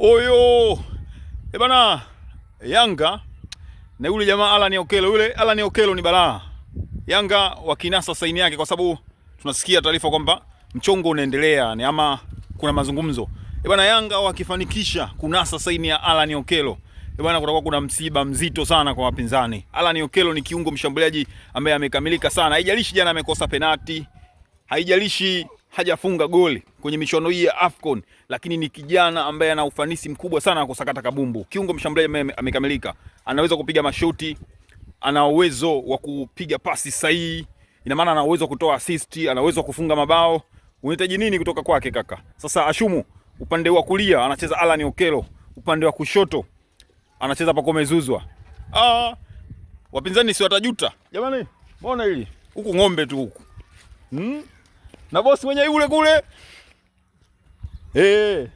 Oyo ebana, eh, Yanga na yule jamaa Alan Okelo, yule Alan Okelo ni balaa. Yanga wakinasa saini yake, kwa sababu tunasikia taarifa kwamba mchongo unaendelea ni ama kuna mazungumzo ebana. Eh, Yanga wakifanikisha kunasa saini ya Alan Okelo ebana, eh, kutakuwa kuna msiba mzito sana kwa wapinzani. Alan Okelo ni kiungo mshambuliaji ambaye amekamilika sana, haijalishi jana amekosa penati, haijalishi hajafunga goli kwenye michuano hii ya Afcon, lakini ni kijana ambaye ana ufanisi mkubwa sana wa kusakata kabumbu. Kiungo mshambuliaji amekamilika, anaweza kupiga mashuti, ana uwezo wa kupiga pasi sahihi, ina maana ana uwezo kutoa assist, ana uwezo kufunga mabao. Unahitaji nini kutoka kwake kaka? Sasa Ashumu, upande wa kulia anacheza Alan Okelo, upande wa kushoto anacheza Pacome Zuzwa. Ah, wapinzani si watajuta jamani, mbona hili huku ng'ombe tu huku hmm? na bosi mwenye yule kule eh.